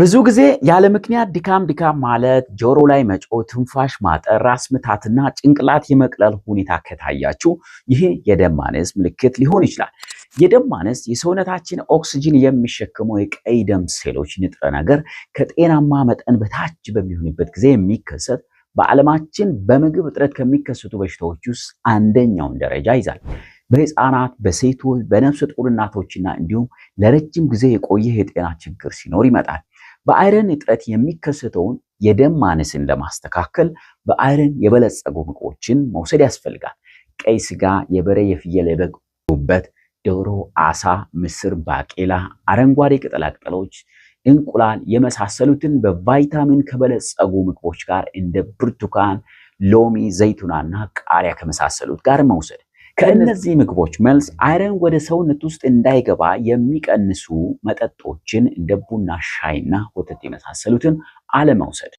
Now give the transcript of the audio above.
ብዙ ጊዜ ያለ ምክንያት ድካም ድካም ማለት ጆሮ ላይ መጮ ትንፋሽ ማጠር፣ ራስ ምታትና ጭንቅላት የመቅለል ሁኔታ ከታያችሁ ይህ የደም ማነስ ምልክት ሊሆን ይችላል። የደም ማነስ የሰውነታችን ኦክስጅን የሚሸክመው የቀይ ደም ሴሎች ንጥረ ነገር ከጤናማ መጠን በታች በሚሆንበት ጊዜ የሚከሰት በዓለማችን በምግብ እጥረት ከሚከሰቱ በሽታዎች ውስጥ አንደኛውን ደረጃ ይዛል። በህፃናት፣ በሴቶች፣ በነፍሰ ጡር እናቶችና እንዲሁም ለረጅም ጊዜ የቆየ የጤና ችግር ሲኖር ይመጣል። በአይረን እጥረት የሚከሰተውን የደም ማነስን ለማስተካከል በአይረን የበለጸጉ ምግቦችን መውሰድ ያስፈልጋል። ቀይ ስጋ፣ የበሬ፣ የፍየል፣ የበግ ጉበት፣ ዶሮ፣ አሳ፣ ምስር፣ ባቄላ፣ አረንጓዴ ቅጠላቅጠሎች፣ እንቁላል የመሳሰሉትን በቫይታሚን ከበለጸጉ ምግቦች ጋር እንደ ብርቱካን፣ ሎሚ፣ ዘይቱናና ቃሪያ ከመሳሰሉት ጋር መውሰድ ከእነዚህ ምግቦች መልስ አይረን ወደ ሰውነት ውስጥ እንዳይገባ የሚቀንሱ መጠጦችን እንደ ቡና፣ ሻይና ወተት የመሳሰሉትን አለመውሰድ